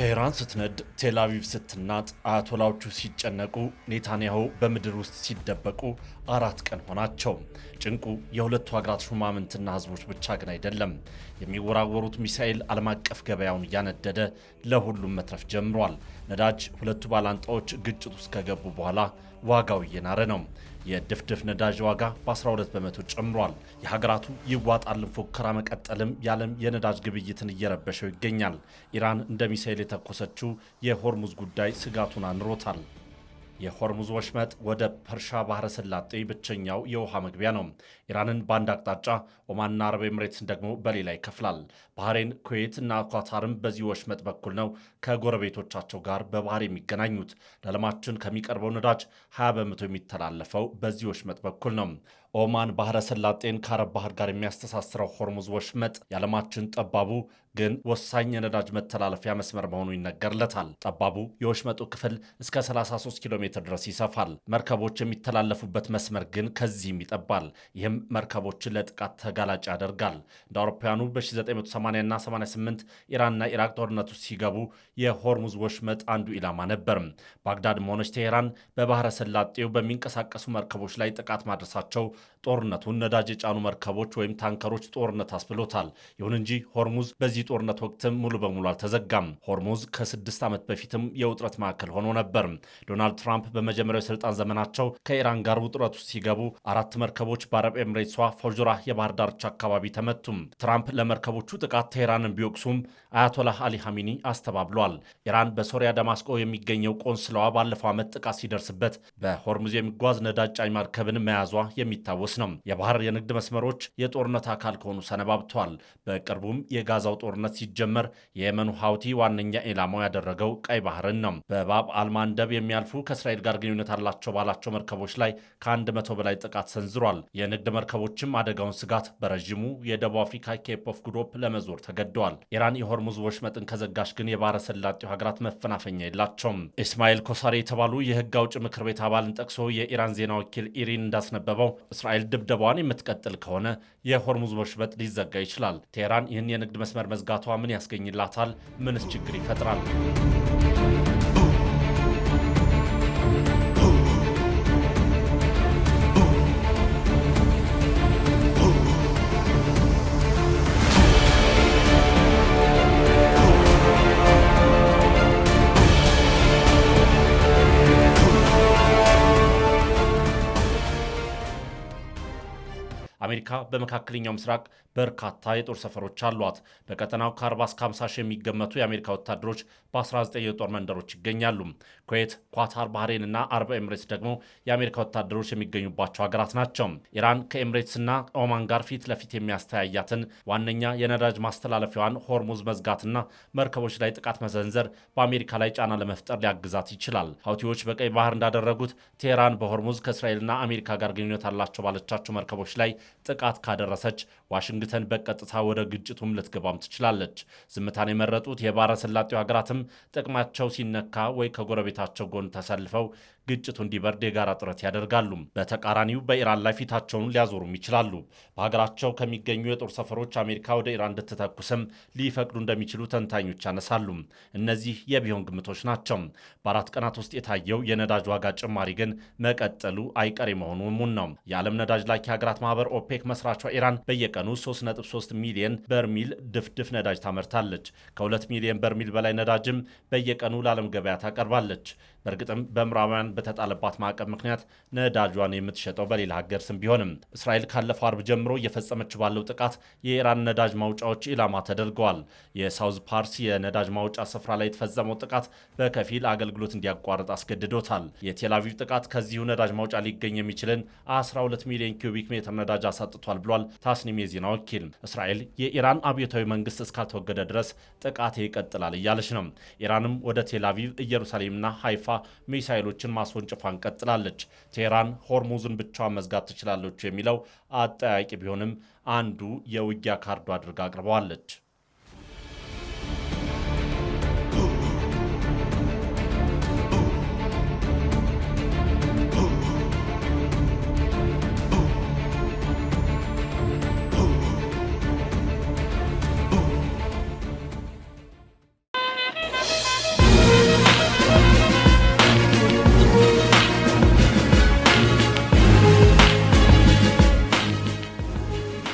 ቴህራን ስትነድ ቴላቪቭ ስትናጥ አያቶላዎቹ ሲጨነቁ ኔታንያሁ በምድር ውስጥ ሲደበቁ አራት ቀን ሆናቸው። ጭንቁ የሁለቱ ሀገራት ሹማምንትና ህዝቦች ብቻ ግን አይደለም። የሚወራወሩት ሚሳኤል ዓለም አቀፍ ገበያውን እያነደደ ለሁሉም መትረፍ ጀምሯል። ነዳጅ ሁለቱ ባላንጣዎች ግጭት ውስጥ ከገቡ በኋላ ዋጋው እየናረ ነው። የድፍድፍ ነዳጅ ዋጋ በ12 በመቶ ጨምሯል። የሀገራቱ ይዋጣልን ፉከራ መቀጠልም የዓለም የነዳጅ ግብይትን እየረበሸው ይገኛል። ኢራን እንደ ሚሳኤል የተኮሰችው የሆርሙዝ ጉዳይ ስጋቱን አንሮታል። የሆርሙዝ ወሽመጥ ወደ ፐርሻ ባህረ ሰላጤ ብቸኛው የውሃ መግቢያ ነው። ኢራንን በአንድ አቅጣጫ፣ ኦማንና አረብ ኤምሬትስን ደግሞ በሌላ ይከፍላል። ባህሬን፣ ኩዌት እና ኳታርም በዚህ ወሽመጥ በኩል ነው ከጎረቤቶቻቸው ጋር በባህር የሚገናኙት። ለዓለማችን ከሚቀርበው ነዳጅ 20 በመቶ የሚተላለፈው በዚህ ወሽመጥ በኩል ነው። ኦማን ባህረ ሰላጤን ከአረብ ባህር ጋር የሚያስተሳስረው ሆርሙዝ ወሽመጥ የዓለማችን ጠባቡ ግን ወሳኝ የነዳጅ መተላለፊያ መስመር መሆኑ ይነገርለታል። ጠባቡ የወሽመጡ ክፍል እስከ 33 ኪሎ ሜትር ድረስ ይሰፋል። መርከቦች የሚተላለፉበት መስመር ግን ከዚህም ይጠባል። ይህም መርከቦችን ለጥቃት ተጋላጭ ያደርጋል። እንደ አውሮፓውያኑ በ1980ና 88 ኢራንና ኢራቅ ጦርነቱ ሲገቡ የሆርሙዝ ወሽመጥ አንዱ ኢላማ ነበርም። ባግዳድ ሆነች ቴሄራን በባህረ ሰላጤው በሚንቀሳቀሱ መርከቦች ላይ ጥቃት ማድረሳቸው ጦርነቱን ነዳጅ የጫኑ መርከቦች ወይም ታንከሮች ጦርነት አስብሎታል። ይሁን እንጂ ሆርሙዝ በዚህ ጦርነት ወቅትም ሙሉ በሙሉ አልተዘጋም። ሆርሙዝ ከስድስት ዓመት በፊትም የውጥረት ማዕከል ሆኖ ነበር። ዶናልድ ትራምፕ በመጀመሪያው የስልጣን ዘመናቸው ከኢራን ጋር ውጥረት ውስጥ ሲገቡ አራት መርከቦች በአረብ ኤምሬትሷ ፎጆራ የባህር ዳርቻ አካባቢ ተመቱም። ትራምፕ ለመርከቦቹ ጥቃት ቴህራንን ቢወቅሱም አያቶላህ አሊ ሐሚኒ አስተባብሏል። ኢራን በሶሪያ ደማስቆ የሚገኘው ቆንስላዋ ባለፈው ዓመት ጥቃት ሲደርስበት በሆርሙዝ የሚጓዝ ነዳጅ ጫኝ መርከብን መያዟ የሚታ የሚታወስ ነው። የባህር የንግድ መስመሮች የጦርነት አካል ከሆኑ ሰነባብተዋል። በቅርቡም የጋዛው ጦርነት ሲጀመር የየመኑ ሀውቲ ዋነኛ ኢላማው ያደረገው ቀይ ባህርን ነው። በባብ አልማንደብ የሚያልፉ ከእስራኤል ጋር ግንኙነት አላቸው ባላቸው መርከቦች ላይ ከአንድ መቶ በላይ ጥቃት ሰንዝሯል። የንግድ መርከቦችም አደጋውን ስጋት በረዥሙ የደቡብ አፍሪካ ኬፕ ኦፍ ለመዞር ተገደዋል። ኢራን የሆርሙዝ ወሽ መጥን ከዘጋሽ ግን የባህረ ሰላጤው ሀገራት መፈናፈኛ የላቸውም። እስማኤል ኮሳሪ የተባሉ የህግ አውጭ ምክር ቤት አባልን ጠቅሶ የኢራን ዜና ወኪል ኢሪን እንዳስነበበው እስራኤል ድብደባዋን የምትቀጥል ከሆነ የሆርሙዝ መሽበጥ ሊዘጋ ይችላል። ቴህራን ይህን የንግድ መስመር መዝጋቷ ምን ያስገኝላታል? ምንስ ችግር ይፈጥራል? አሜሪካ በመካከለኛው ምስራቅ በርካታ የጦር ሰፈሮች አሏት። በቀጠናው ከ40 እስከ 50 ሺህ የሚገመቱ የአሜሪካ ወታደሮች በ19 የጦር መንደሮች ይገኛሉ። ኩዌት፣ ኳታር፣ ባህሬን እና አረብ ኤምሬትስ ደግሞ የአሜሪካ ወታደሮች የሚገኙባቸው ሀገራት ናቸው። ኢራን ከኤምሬትስና ኦማን ጋር ፊት ለፊት የሚያስተያያትን ዋነኛ የነዳጅ ማስተላለፊያዋን ሆርሙዝ መዝጋትና መርከቦች ላይ ጥቃት መሰንዘር በአሜሪካ ላይ ጫና ለመፍጠር ሊያግዛት ይችላል። ሀውቲዎች በቀይ ባህር እንዳደረጉት ቴህራን በሆርሙዝ ከእስራኤልና አሜሪካ ጋር ግንኙነት አላቸው ባለቻቸው መርከቦች ላይ ጥቃት ካደረሰች ዋሽንግተን በቀጥታ ወደ ግጭቱም ልትገባም ትችላለች። ዝምታን የመረጡት የባሕረ ሰላጤው ሀገራትም ጥቅማቸው ሲነካ ወይ ከጎረቤታቸው ጎን ተሰልፈው ግጭቱ እንዲበርድ የጋራ ጥረት ያደርጋሉ። በተቃራኒው በኢራን ላይ ፊታቸውን ሊያዞሩም ይችላሉ። በሀገራቸው ከሚገኙ የጦር ሰፈሮች አሜሪካ ወደ ኢራን እንድትተኩስም ሊፈቅዱ እንደሚችሉ ተንታኞች ያነሳሉ። እነዚህ የቢሆን ግምቶች ናቸው። በአራት ቀናት ውስጥ የታየው የነዳጅ ዋጋ ጭማሪ ግን መቀጠሉ አይቀሬ መሆኑን ነው የዓለም ነዳጅ ላኪ ሀገራት ማህበር ኦፔክ መስራቿ ኢራን በየቀኑ 3.3 ሚሊዮን በርሚል ድፍድፍ ነዳጅ ታመርታለች። ከ2 ሚሊዮን በርሚል በላይ ነዳጅም በየቀኑ ለዓለም ገበያ ታቀርባለች። በእርግጥም በምዕራባውያን በተጣለባት ማዕቀብ ምክንያት ነዳጇን የምትሸጠው በሌላ ሀገር ስም ቢሆንም እስራኤል ካለፈው አርብ ጀምሮ እየፈጸመች ባለው ጥቃት የኢራን ነዳጅ ማውጫዎች ኢላማ ተደርገዋል። የሳውዝ ፓርስ የነዳጅ ማውጫ ስፍራ ላይ የተፈጸመው ጥቃት በከፊል አገልግሎት እንዲያቋርጥ አስገድዶታል። የቴላቪቭ ጥቃት ከዚሁ ነዳጅ ማውጫ ሊገኝ የሚችልን 12 ሚሊዮን ኪዩቢክ ሜትር ነዳጅ አሳጥቷል ብሏል ታስኒም የዜና ወኪል። እስራኤል የኢራን አብዮታዊ መንግስት እስካልተወገደ ድረስ ጥቃቴ ይቀጥላል እያለች ነው። ኢራንም ወደ ቴላቪቭ ኢየሩሳሌምና ሃይፋ ደግፋ ሚሳይሎችን ማስወንጭፏን ቀጥላለች። ቴህራን ሆርሙዝን ብቻዋን መዝጋት ትችላለች የሚለው አጠያቂ ቢሆንም አንዱ የውጊያ ካርዱ አድርጋ አቅርበዋለች።